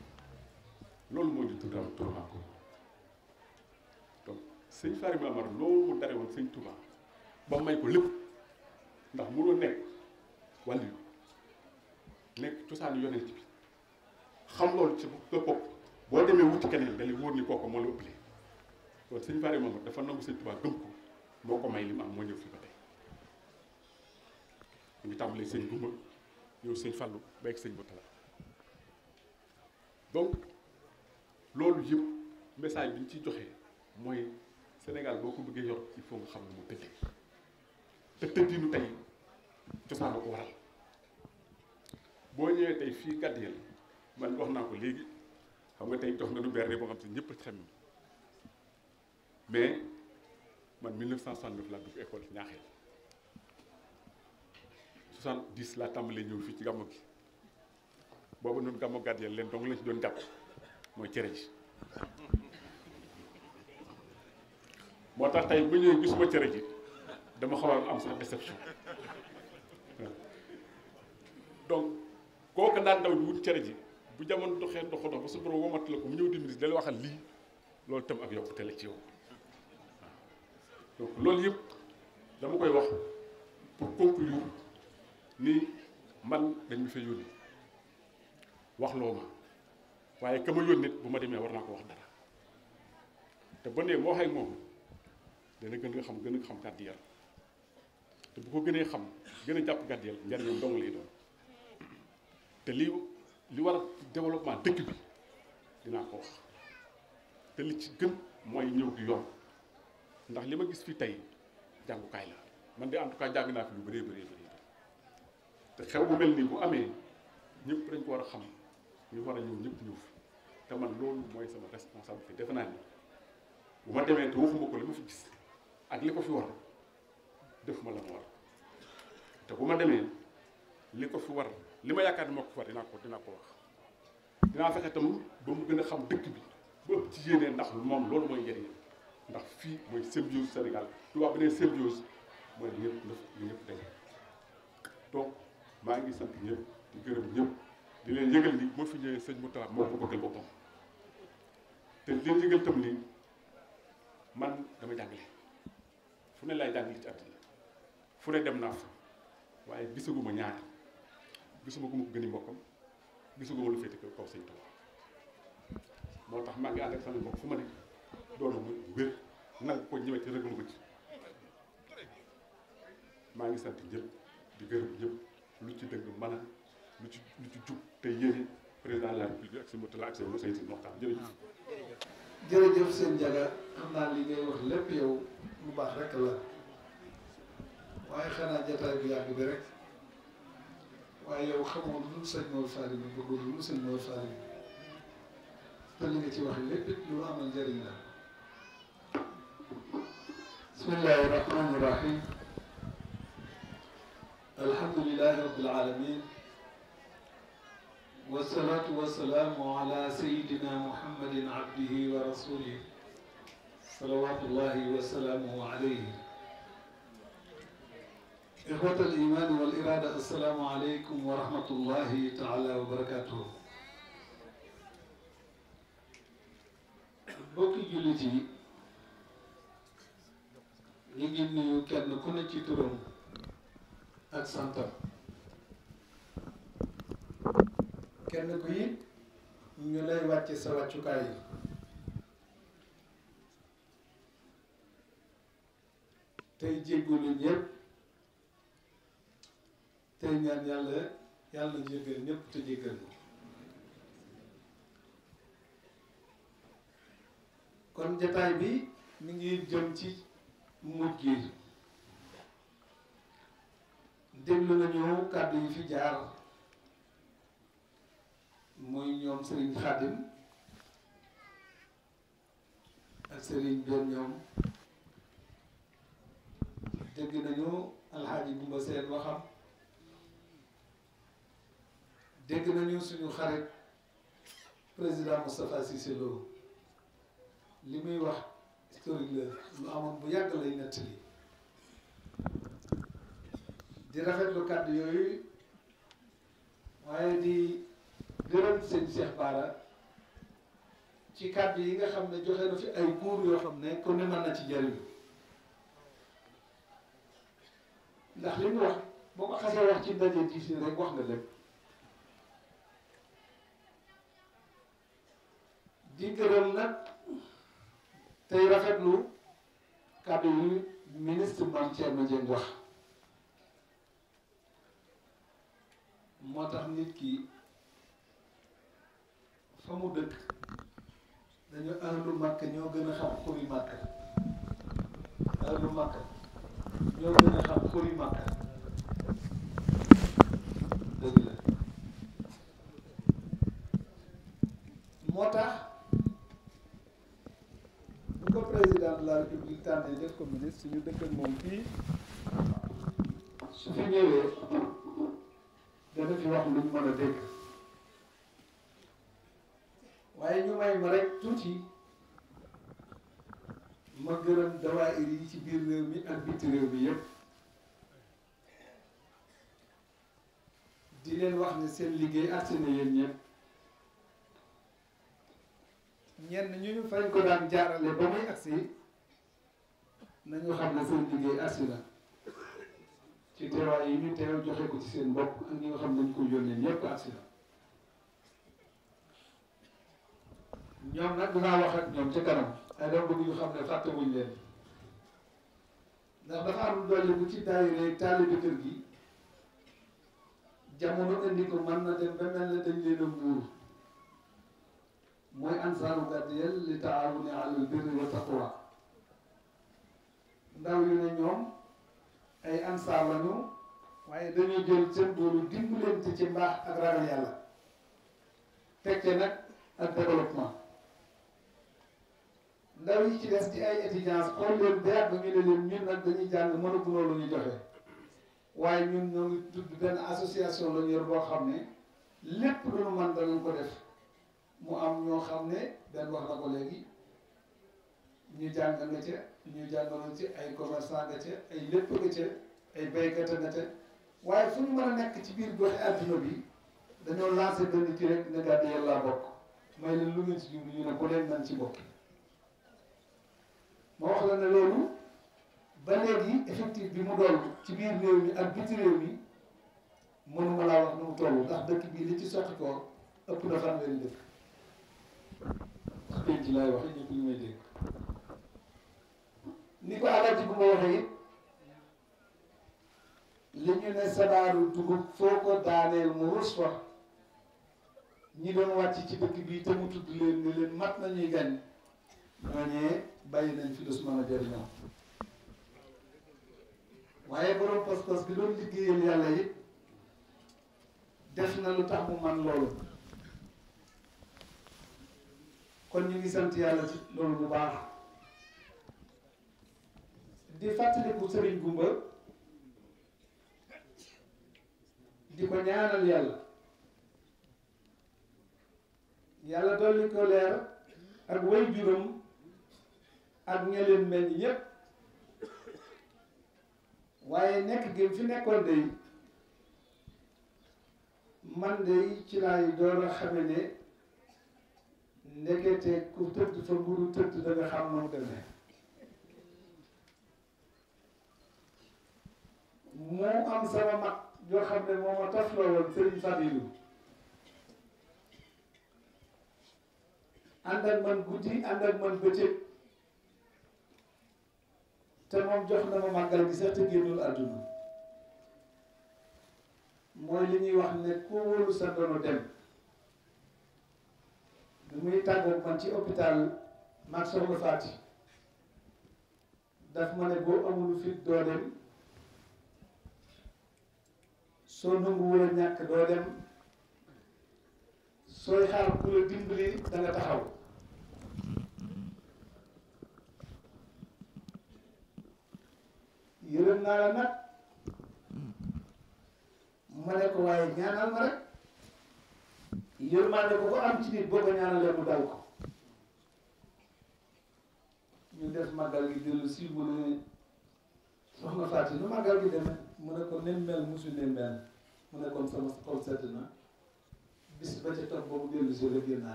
loolu moo di tuddam Darmanko donc sëñ Saare Mamar loolu mu dare woon sëñ Tuubaa ba may ko lépp ndax mënoo nekk wàllu nekk cosaanu yonent bi xam loolu ci bopp boo demee wuti keneen da lay wóor ni kooku moo la ëppalee kon sëñ Bara Mamadou dafa nangu sëñ Tuubaa gëm ko moo ko may li mu am moo ñëw fi ba tey mu ngi tàmbalee sëñ Gumba ñëw sëñ Fallu ba ak sëñ Butala donc loolu yëpp message bi ñu ciy joxee mooy senegal boo ko bëggee yor il faut nga xam ne mu tëddee te tëddiinu tey cosaan ko waral boo ñëwee tey fii gàddeel man wax naa ko léegi xam nga tey jox nga nu berne boo xam te ñëpp a xam mais hmm. man 1969 laa dugg école ñaaxee 70 laa tàmbalee ñëw fii ci gàmmu gi boobu noonu gàmmu gàddu leen donc lañ ci doon jàpp mooy cere ji moo tax tey bu ñëwee gisuma cere ji dama xaw a am sax déception donc kooku daan daw di wut cere ji bu jamono doxee doxu dox ba su borom la ko mu ñëw di ministre dala waxal lii loolu itam ak yokkute la ci yow. donc loolu yëpp dama koy wax pour conclure ni man dañ ma fa yónni wax loo waaye ka ma yónni bu ma demee war naa ko wax dara te ba nee moo xay moom dana gën nga xam gën a xam gàddi te bu ko gënee xam gën a jàpp gàddi yar njariñam dong lay doon te li li war a développement dëkk bi dinaa ko wax te li ci gën mooy ñëw gi yoon ndax li ma gis fi tey jàngukaay la man de en tout cas jàng naa fi lu bëree bëree bëri te xew bu mel nii bu amee ñëpp dañ ko war a xam ñu war a ñëw ñëpp te man loolu mooy sama responsabilité defe naa ni bu ma demee te waxuma ko li ma fi gis ak li ko fi war defuma la ma war te bu ma demee li ko fi war li ma yaakaar ni moo ko fi war dinaa ko dinaa ko wax dinaa fexe tam ba mu gën a xam dëkk bi ba ëpp ci yéenee ndax moom loolu mooy njëriñam ndax fii mooy symbiose Sénégal tubaab bi ne symbiose mooy li ñëpp def li ñëpp daje donc maa ngi sant ñëpp di gërëm ñëpp di leen yëgal ni moo fi ñëwee sëñ Moutala moo ko bëggal boppam te li leen ni man dama jàngale fu ne laay jàngale dem naa fa waaye gisaguma ñaar gisuma ku ma ko gën a mbokkam gisaguma lu féete kaw sëñ Tuubaa moo tax maa ngi ànd ak sama mbokk fu ma nekk doon bu wér nangu ko ñëwee ci rëglu ko ci maa ngi sant ñëpp di gërëm ñëpp lu ci dëgg mën a lu ci lu ci jub te yéene président de la république ak si Mourtalla ak si Seydou si Mokhtar jërëjëf. jërëjëf sëñ Diaga xam naa li ngay wax lépp yow lu baax rek la waaye xanaa jotaay bu yàgg bi rek waaye yow xamoo lu dul sëñ Mor Fari bi bëggul lu dul sëñ Mor Fari bi te li nga ci wax lépp it lu amal njëriñ la. بسم الله الرحمن الرحيم الحمد لله رب العالمين والصلاة والسلام على سيدنا محمد عبده ورسوله صلوات الله وسلامه عليه إخوة الإيمان والإرادة السلام عليكم ورحمة الله تعالى وبركاته بوكي جلتي ngi nuyu kenn ku ne ci turam ak santam kenn ku it ñu lay wàcce sa wàccukaay yi tey jéggulu ñëpp tey ñaan yàlla yàlla na jéggal ñëpp te jéggal ko kon jataay bi mi ngi jëm ci mujj gi déglu nañu kàddu yi fi jaar mooy ñoom Serigne Khadim ak Serigne Ben ñoom dégg nañu alxaaji Bumba seen waxam dégg nañu suñu xarit président Moustapha Cissé Lo li muy wax. historique lu amoon bu yàgg lay nettali di rafetlu kàddu yooyu waaye di gërëm seen Cheikh Bara ci kàdd yi nga xam ne joxe na fi ay cours yoo xam ne ku ne mën na ci jëriñ ndax li mu wax boo ko xasee wax ci ndaje ji si rek wax nga lépp di gërëm nag tey lu kàddu yi ministre Mame Thierno Dieng wax moo tax nit ki fa mu dëkk dañu ahlu Makka ñoo gën a xam xuri Makka ahlu Makka ñoo gën a xam xuri Makka dëgg la moo tax tardé def ko ministre suñu dëkk ak moom fii su fi ñëwee dana fi wax luñ mën a dégg waaye ñu may ma rek tuuti ma gërëm dawaayir yi ci biir réew mi ak biti réew mi yëpp di leen wax ni seen liggéey àtte na yéen ñëpp ñenn ñu ñu ko daan jaarale ba muy agsi nañu xam ne seen liggéey assi la ci teewaay yi ñu teew joxe ko ci seen bopp ak ñi nga xam ne ñu ko yónnee ñëpp assi la ñoom nag dinaa wax ak ñoom ca kanam ay dama bëgg ñu xam ne fàtte wuñ leen ndax dafa am dolli bu ci daayira taalibe kër gi jamono indi ko mën na dem ba mel ne dañ leen a muur mooy ansaaru gàddiyel li taawuni alal birri wa taqwa ndaw yu ne ñoom ay ansaar lañu waaye dañuy jël seen boolu dimbalante ci mbaax ak ragal yàlla fekkee nag ak développement ndaw yi ci des di ay étudiants xool leen ba yàgg ñu ne leen ñun nag dañuy jàng mënaguloo lu ñu joxe waaye ñun ñoo tudd benn association lañu yor boo xam ne lépp lu ñu mën danañ ko def mu am ñoo xam ne benn wax na ko léegi ñu jàng nga ci ñu jàngaloon ci ay commerçant nga ay lépp nga ay béykat nga ca waaye fu ñu mën a nekk ci biir gox adduna bi dañoo lancé benn ci rek ne gàddu yàlla bokk may leen lu ngeen si jublu ñu ne bu leen nan ci bokk moo wax la ne loolu ba léegi effectif bi mu dool ci biir réew mi ak biti réew mi mënuma laa wax mu toll ndax dëkk bii li ci soqi ko ëpp na fanweeri dëkk. ci laay wax ni ko alaaji bu ma waxee it li ñu ne sabaaru dugub foo ko daaneel mu rus fa ñi doon wàcc ci dëkk bii te mu tudd leen ne leen mat nañuy gàññ ñooñee bàyyi nañ fi Ousmane a jëriñoo waaye borom pas-pas bi doon liggéeyal yàlla it def na lu tax mu man loolu kon ñu ngi sant yàlla ci loolu bu baax di fàttaliku sëriñ gumba di ko ñaanal yàlla yàlla dolli ko leer ak way juróom ak ña leen meññ ñépp waaye nekk gi fi nekkoon day man day ci laay door a xame ne ndekete ku tëdd fa mburu tëdd da xam moom demee moo am sama mag yoo xam ne moo ma tasloo woon Serigne Fadilou ànd ak man guddi ànd ak man bëccëg te moom jox na ma màggal gi sax te génnul àdduna mooy li ñuy wax ne ku wóolu sa ndono dem du muy tàggoog man ci hôpital mag soxna Fati daf ma ne boo amul fit doo dem soo nanguwul a ñàkk doo dem sooy xaar ku la dimbali da nga taxaw yërëm naa la nag ma ne ko waaye ñaanal ma rek yërmaande ko ko am ci nit boo ko ñaanalee mu dal ko ñu def màggal gi dellu si bu ne soxna Fatou nu màggal gi demee mu ne ko nem mel musu nem mu ne kon sama xol na bis ba ca topp boobu dellu si la génn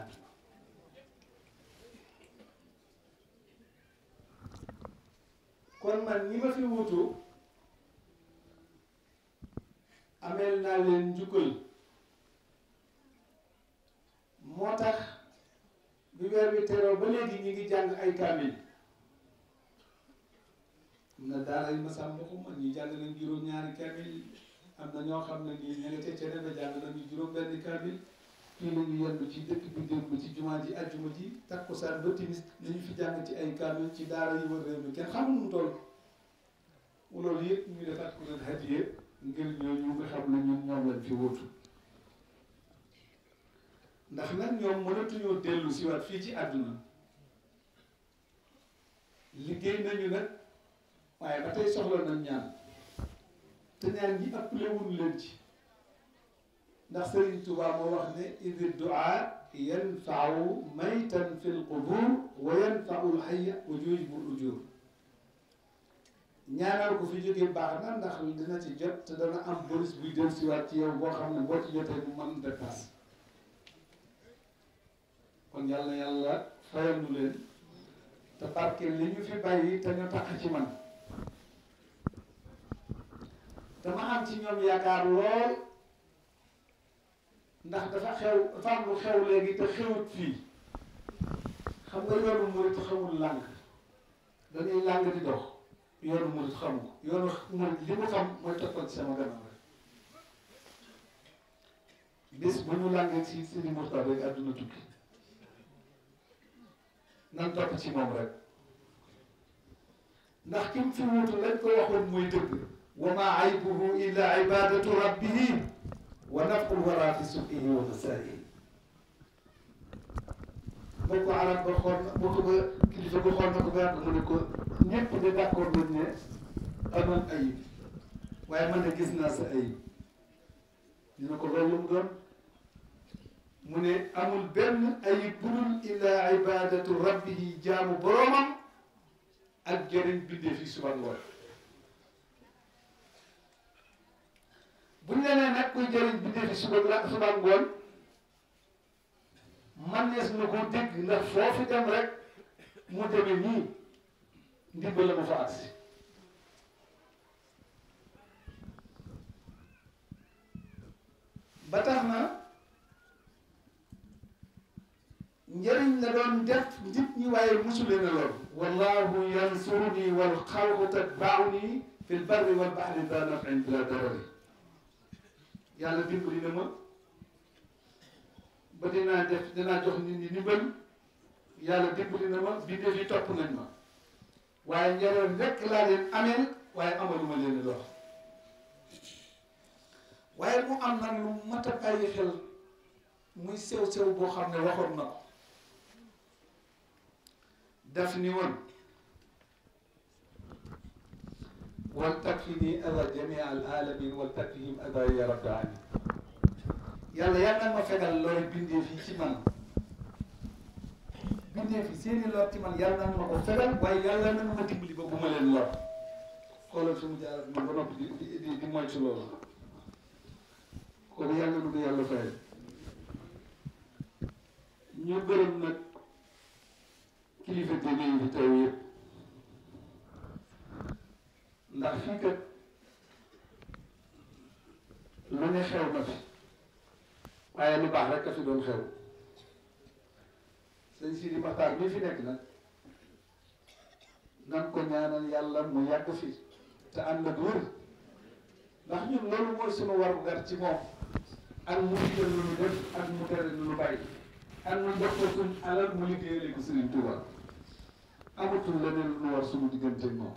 àdduna ma fi wutu ameel naa leen njukkal moo tax bi weer bi teroo ba léegi ñi ngi jàng ay kaamil am na daara yu ma sàmm xuma ñi jàng nañ juróom-ñaari am na ñoo xam ne nii ñu ngi cere ba jàng nañu juróom benn kaamil fii la ñu ci dëkk bi démb ci jumaa ji ajjuma ji takkusaan ba timis nañu fi jàng ci ay kaamil ci daara yi wër réew mi kenn xamul mu toll loolu yëpp ñu defaat xam ne ñoom lañ fi wóotu ndax nag ñoom mënatuñoo dellu si waat fii ci àdduna liggéey nañu nag waaye ba tey soxla nañ ñaan te ñaan gi ëppale wuñu leen ci ndax Sëriñ Tuubaa moo wax ne idi duaa yanfau maytan fi lqubur wa yanfau lxaya wa yujibu ujur ñaanal ko fi jógee baax na ndax dina ci jot te dana am bonus buy del siwaat ci yow boo xam ne boo ci jotee mu mën de pass kon yàlla yàlla fayandu leen te barke li ñu fi bàyyi te ñu takk ci man dama am ci ñoom yaakaar lool ndax dafa xew dafa am lu xew léegi te xewut fii xam nga yoonu murit xamul làng dañuy làng di dox yoonu murit xamu ko yoonu murit li mu xam mooy toppal ci sama gannaaw rek bis bu ñu làngee ci Sëriñ Murtada rek àdduna tukki nan topp ci moom rek ndax kim fi wutu lañ ko waxoon muy dëgg wa maa aybuhu illa ibadatu rabbihi wa nafqul wara fi suqihi wa masaa'ihi boo ko alal ba xool boo ko ba kilifa ba xool na ko ba yàgg mu ne ko ñëpp de d'accord nañ ne amoon ayib waaye man de gis naa sa ayib ñu ne ko loolu lu mu doon mu ne amul benn ayib bu dul illa ibadatu rabbihi jaamu boromam ak jëriñ bindee fii suba ngoon bu ñu la nee nag kuy jëriñ bi suba la suba ngoon man nees na ko dégg ndax foofu dem rek mu demee nii ndimbal la mu fa agsi ba tax na njëriñ la doon def nit ñi waaye musule na lool wallahu yansuruni wal xalqu tatbauni fi lbarri wal bahri da nafin bila darari yàlla dimbali na ma ba dinaa def dinaa jox nit ñi ndimbal yàlla dimbali na ma bii def topp nañ ma waaye njëriñ rekk laa leen amee waaye amaluma leen lor waaye mu am nag lu mat bàyyi xel muy sew sew boo xam ne waxoon na ko daf ni woon wal takfini ada jamia al alamin wal takfihim ada ya rabbi amin yàlla yal na ma fegal looy bindee fii ci man bindee fi seeni lor ci man yàlla na ma ko fegal waaye yàlla na ma dimbali ba bu ma leen lor xoolal fi mu jaar ma ba noppi di di di moytu loolu kon yàlla na ko yàlla fayal ñu gërëm nag kilifa déggee yi fi teew yëpp ndax fii kat lu ne xew na fi waaye lu baax rek a fi doon xew sëñ si di Maxtaar fi nekk nag nan ko ñaanal yàlla mu yàgg fi te ànd ak wér ndax ñun loolu mooy sunu warugar ci moom ak mu digal lu ñu def ak mu tere lu ñu bàyyi ak mu jox ko suñ alal mu liggéeyale ko Sëriñ Tuuba amatul leneen lu war sunu diggante moom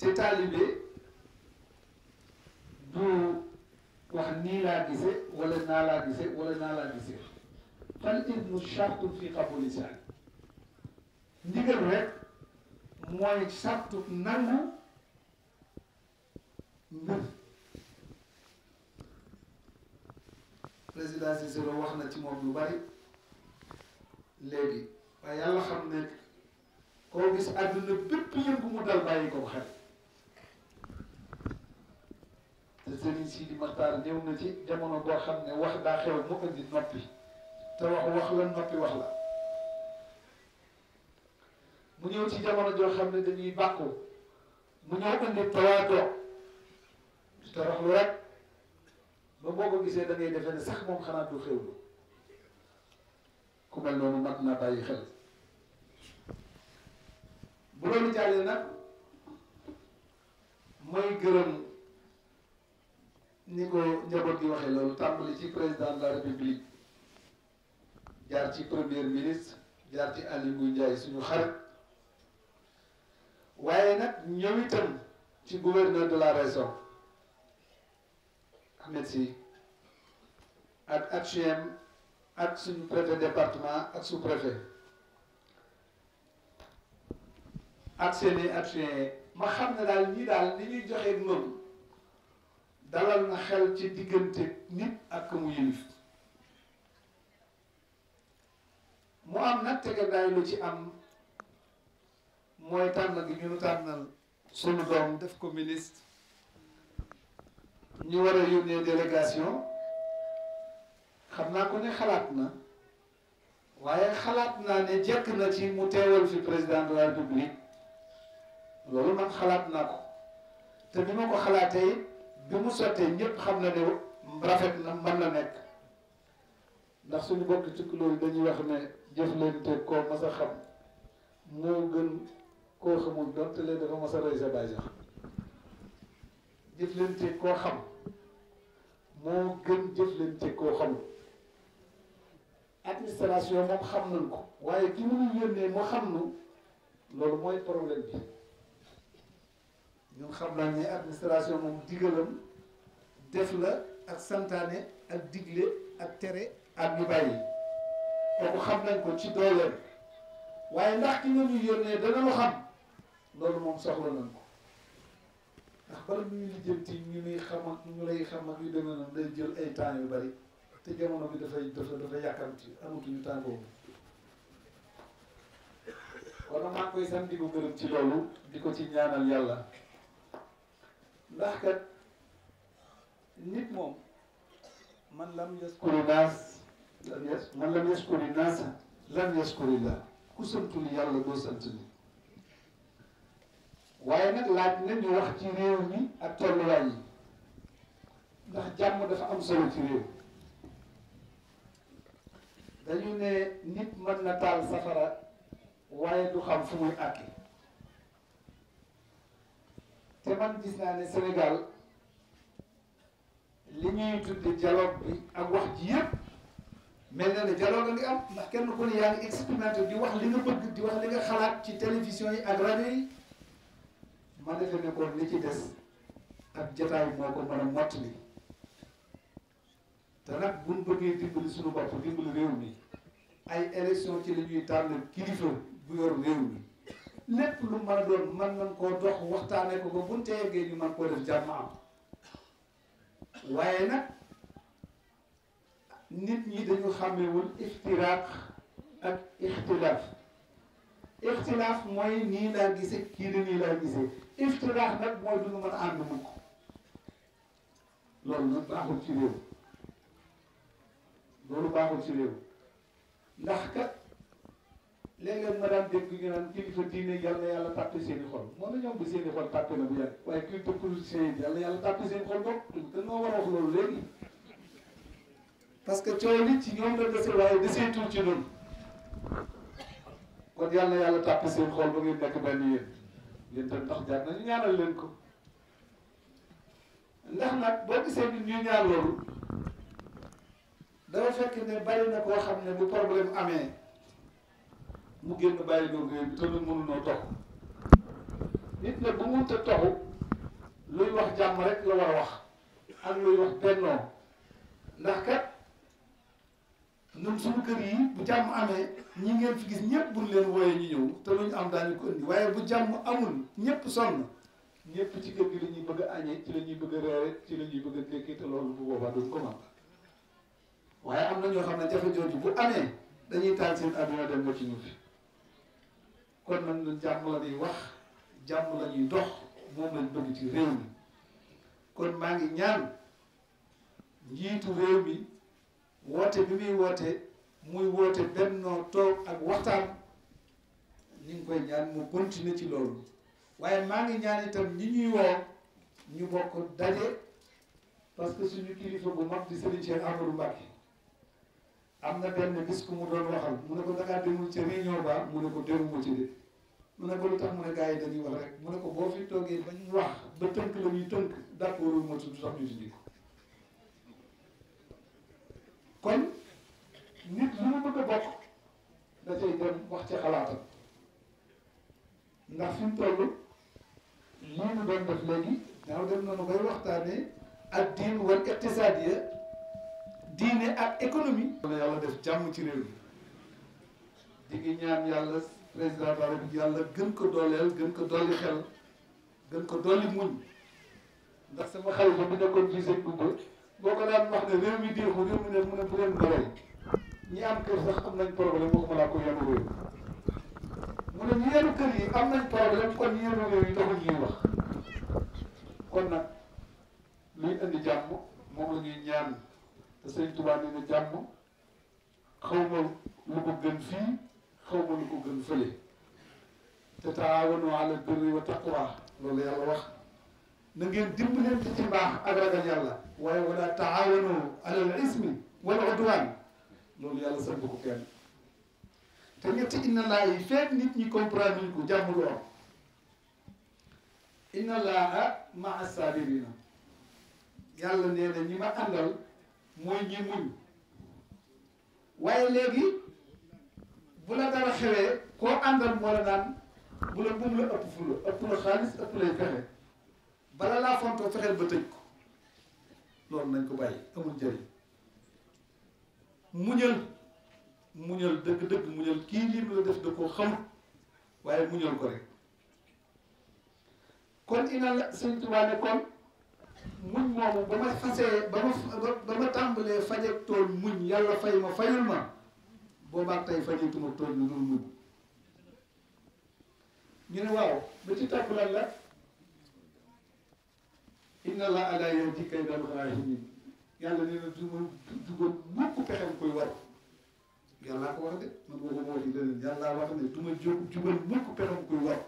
te taalibe du wax nii laa gise wala naa laa gise wala naa laa gise fal ibnu chartun fi qabuli saan ndigal rek mooy sartu nangu mbir président Cicero wax na ci moom lu bari léegi waaye yàlla xam ne koo gis àdduna bépp yëngu mu dal bàyyi ko xel te Serigne Sidi Maxtaar ñëw na ci jamono boo xam ne wax daa xew mu indi noppi te wax wax la noppi wax la mu ñëw ci jamono joo xam ne dañuy bàkku mu ñëw indi tawaadoo te wax lu rek ba boo ko gisee da ngay defee ne sax moom xanaa du xewlu ku mel noonu mat na bàyyi xel bu loolu jàllee nag mooy gërëm ni ko njaboot gi waxee loolu tàmbali ci président de la république jaar ci premier ministre jaar ci Aliou Ndiaye suñu xarit waaye nag ñoom itam ci gouverneur de la région Ahmed si ak HUM ak suñu préfet département ak sous préfet ak seeni HUM ma xam ne daal ñii daal ni ñuy joxee ngëm dalal na xel ci diggante nit ak mu yilif mu am nag tegedaay lu ci am mooy tànn gi ñu tànnal sunu doom def ko ministre ñu war a yónnee délégation xam naa ko ne xalaat na waaye xalaat naa ne jekk na ci mu teewal fi président de la république loolu man xalaat naa ko te bi ma ko xalaatee bi mu sottee ñëpp xam na ne rafet na man na nekk ndax suñu bokk ci kuloor yi dañuy wax ne jëflante koo mas a xam moo gën koo xamul donte lee dafa mas a rey koo xam moo gën jëflante koo xamul administration moom xam nañ ko waaye ki mu ñu yónnee mu xam nu loolu mooy problème bi ñun xam naa ne administration moom digalam def la ak santaane ak digle ak tere ak ñu bàyyi kooku xam nañ ko ci dooleem waaye ndax ki nga ñu yónnee dana lu xam loolu moom soxla nañ ko ndax bala ñuy lijjanti ñu nuy xam ak ñu lay xam ak yu demee noonu day jël ay temps yu bari te jamono bi dafay dafa dafa yàkkamti amatuñu temps boobu kon maa ngi koy sant di ko ci loolu di ko ci ñaanal yàlla ndax kat nit moom man lam yaskuri naas lam yas man lam yaskuri naas lam yaskuri la ku santul yàlla doo sant ni waaye nag laaj na ñu wax ci réew mi ak tolluwaay yi ndax jàmm dafa am solo ci réew dañu ne nit mën na taal safara waaye du xam fu muy àtte te man gis naa ne Sénégal li ñuy tudde dialogue bi ak wax ji yëpp mel na ne dialogue nga am ndax kenn ku yaa ngi expérimenté di wax li nga bëgg di wax li nga xalaat ci télévision yi ak rajo ma defe ne kon li ci des ak jataay moo ko mën a mottali te nag buñ bëggee dimbali suñu bopp dimbali réew mi ay élection ci la ñuy tànn kilifa bu yor réew mi lépp lu mën a doon mën koo dox waxtaanee ko ba bu ñu tee yeggee ñu mën koo def jàmm am waaye nag nit ñi dañu xàmmewul ixtiraaq ak ixtilaaf ixtilaaf mooy nii laa gise kii di nii laa gise ixtilaaf nag mooy duñu mën a ànd mukk loolu nag baaxul ci réew loolu baaxul ci réew ndax kat léeg-léeg nga daan dégg ñu naan kilifa diine yal yàlla tàppe seen i xol moom la ñoom bu seen i xol tàppe na bu yàgg waaye kilifa politicien yi yal na yàlla tàppe seen xol bokk te war wax loolu léegi parce que coow li ci ñoom la dese waaye desee tuur ci noonu kon yal yàlla tàppe seen xol ba ngeen nekk benn yéen yéen tam tax jaar nañu ñaanal leen ko ndax nag boo gisee nit ñuy ñaan loolu dafa fekk ne bari na koo xam ne bu problème amee mu génn bàyyi ñoom yooyu te ñun mënuñoo toxu nit nag bu mënta toxu luy wax jàmm rek la war a wax ak luy wax bennoo ndax kat kër yi bu amee ñi ngeen fi gis ñëpp buñ leen wooyee ñu ñëw te lu ñu ko waaye bu jàmm amul ñëpp sonn ñëpp ci kër gi ñuy bëgg a la ñuy bëgg a ci la ñuy bëgg a loolu bu boobaa duñ ko am na ñoo xam ne jafe jooju bu amee dañuy taal seen adduna dem ba ci ñu fi kon nag ñun jàmm la ñuy wax jàmm la ñuy dox moom lañ bëgg ci réew mi kon maa ngi ñaan njiitu réew mi woote bi muy woote muy woote bennoo toog ak waxtaan ñu ngi koy ñaan mu continuer ci loolu waaye maa ngi ñaan itam ñi ñuy woo ñu bokk daje parce que suñu kilifa bu mag di Serigne Cheikh Amadou Mbacke am na benn bis ku mu doon waxal mu ne ko da ngaa demul ci réunion ba mu ne ko demuma ci de mu ne ko lu tax mu ne gars yi mu ne ko boo fi toogee bañ wax ba tënk la tënk d' accord ma tudd sax kon nit lu mu bëgg a bokk da dem wax ci xalaatam ndax fi mu toll lii mu doon def léegi daaw dem nañu bay waxtaanee ad diin wal iqtisaadiya diine ak économie. yàlla yàlla def jàmm ci réew mi di ñaan yàlla président de la yàlla gën ko dooleel gën ko dolli xel gën ko dolli muñ ndax sama xalifa bi nekkoon ci sëñ Bouba boo ko daan wax ne réew mi déexu réew mi ne mu ne bu leen dooleel ñi am kër sax am nañu problème waxuma laa ko mu ne ñu yenu kër yi am nañ problème kon ñu yenu réew yi taxul ñuy wax kon nag luy indi jàmm moom la ñaan te Sëriñ Tuubaa nee na jàmm xaw ma lu ko gën fii xaw lu ko gën fële te taawanu ala birri wa taqwa loolu yàlla wax na ngeen dimbalante ci mbaax ak ragal yàlla waaye wala taawanu ala ismi wal udwan loolu yàlla sant ko kenn te ñetti inna laa yi fekk nit ñi comprendre ñu ko jàmm lu am inna laa maa sabirina yàlla nee ñi ma àndal mooy ñi muñ waaye léegi bu la dara xewee koo àndal moo la naan bu la buum la ëpp fula ëpp la xaalis ëpp lay pexe bala laa fontoo fexeel ba tëj ko loolu nañ ko bàyyi amul njëriñ muñal muñal dëgg-dëgg muñal kii lii mu la def da koo xamut waaye muñal ko rek kon ina la sëñ Tuubaa ne kon muñ moomu ba ma xasee ba ma ba ma tàmbalee fajeg tooñ muñ yàlla fay ma fayul ma boobaag tey fajatuma tooñ lu dul muñ ñu ne waaw ba ci topp lan la inna la ala yahdi kaydal xaahinin yàlla nee na du ma dugal mukk pexem koy war yàllaa ko wax de man waxuma woon ci leneen yàllaa wax ne du ma mukk pexem koy war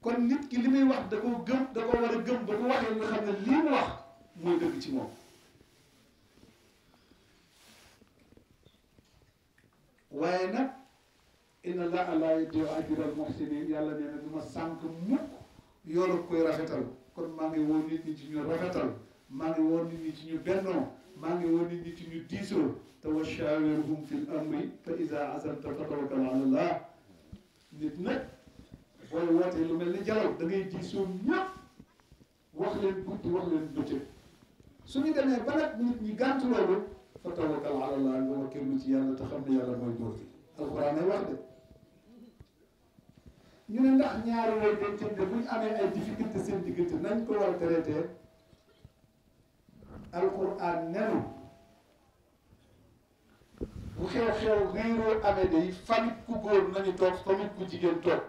kon nit ki li muy wax da koo gëm da koo war a gëm ba mu waxee nga xam ne lii mu wax mooy dëgg ci moom waaye nag inna allaha laa yudii'u ajra al muhsinin yàlla nee na du ma sànq mukk yoolu koy rafetal kon maa ngi woon nit ñi ci ñu rafetal maa ngi woon nit ñi ci ñu bennoo maa ngi woon nit ñi ci ñu diisoo te wa shaawirhum fil fa iza azamta fa tawakkal ala nit nag booy wootee lu mel ni jalaw da ngay ji ñëpp wax leen guddi su ñu demee ba nag nit ñi gàntu loolu fa tawakkal ala allah nga wakkilu ci yàlla te xam ne yàlla mooy buur bi alxuraan a traité alxuraan nenu bu xew-xew réeroo amee day famit ku góor nañu toog famit ku jigéen toog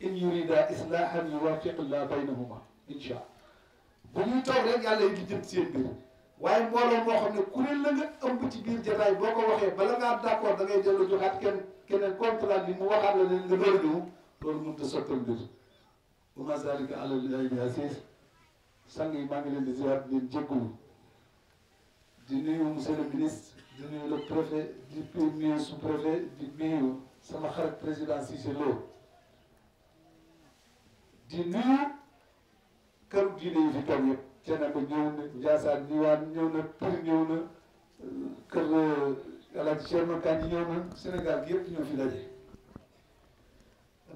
in yurida islaahan yuwaafiq laa baynahuma insha bu ñuy toog rek yàlla yi di jëm waaye mbooloo moo xam ne kuréel la nga ëmb ci biir jataay boo ko waxee bala ngaa d' accord da ngay dellu joxaat kenn keneen contrat bi mu waxaat la ne nga doon ñëw loolu mënut a sottal mbir wa ma zalika ala llahi bi aziz sang yi maa ngi leen di ziar di leen jégalu di nuyu monsieur le di nuyu le préfet di nuyu sous préfet di nuyu sama xarit président Cissé Lo di nuyu këru diine yi fi toog yëpp Thiénaba ñëw na Ndiassane Niwane ñëw na Pire ñëw na kër euh, El Hadj Thierno ñëw na Sénégal gi yëpp ñoo fi daje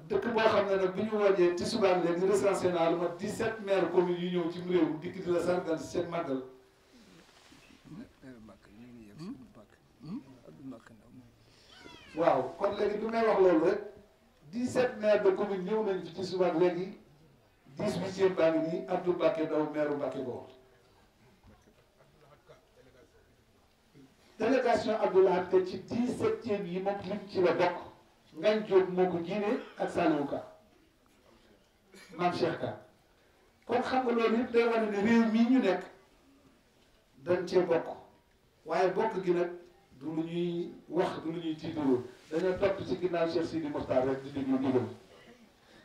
dëkk boo xam ne nag bi ñu wàññee ci subaan léegi recensé naa lu mat 17 maires communes yu ñëw ci réew mi dikk di la sargal seen màggal. waaw kon léegi bi may wax loolu rek 17 maires de commune ñëw nañ fi ci subaan léegi. dix-huitième baa ngi nii Abdou Mbacké Ndaw maire Mbacké Bawol délégation Abdou Lahad te ci dix-septième yi moom lim ci la bokk Ngagne Diop moo ko jiite ak Saliou Ka Mame Cheikh Ka kon xam nga loolu yëpp day wane ne réew mii ñu nekk dañ cee bokk waaye bokk gi nag du lu ñuy wax du lu ñuy tiitaloo dañoo topp ci ginnaaw Cheikh Sidi Mokhtar rek di déglu ndigal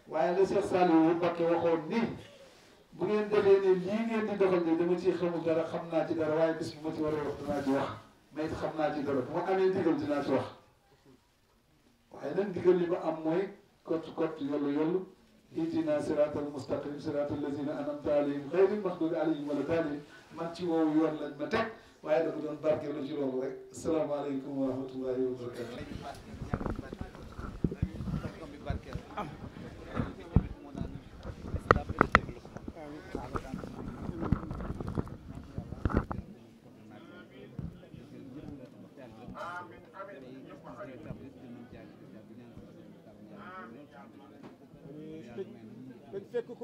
waaye la Cheikh Saliou Mbacké waxoon ni bu ngeen defee ne lii ngeen di doxal ne dama ciy xamul dara xam naa ci dara waaye bis bu ma ci war a wax dinaa ci wax mais xam naa ci dara bu ma amee ndigal dinaa ci wax waaye nag ndigal li ma am mooy kott kott yollu yollu ihdina siratal mustaqim siratal lazina anamta alayhim xayril maxdubi alayhim wala daalin man ci woowu yoon lañ ma teg waaye dama doon barkeelu ci loolu rek asalaamaaleykum wa rahmatullahi wa barakatu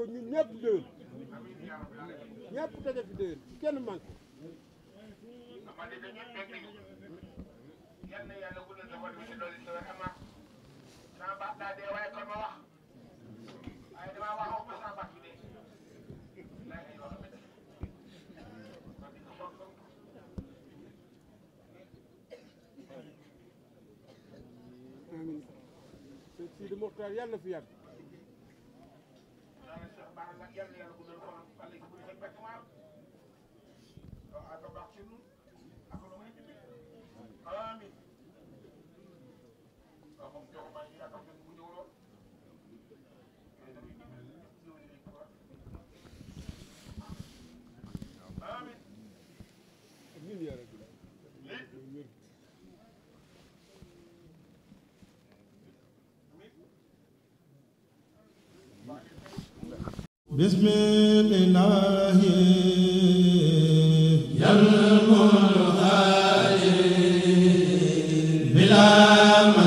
ko ñun ñëpp déwén ñëpp daje fi déwén kenn manqué yal na yàlla guddal sa fan bi si loolu si wér ama sama baat daa dee waaye kon ma wax waaye damaa wax aw ma sama baat bi dee laa ngay wax amit kon di ko moom amin sëñ Sidi Mokhtar yàlla fi yàgg yàlla na yàlla guddal fanam àll yi bu ñu fekk maam bismillahi yal mulk bila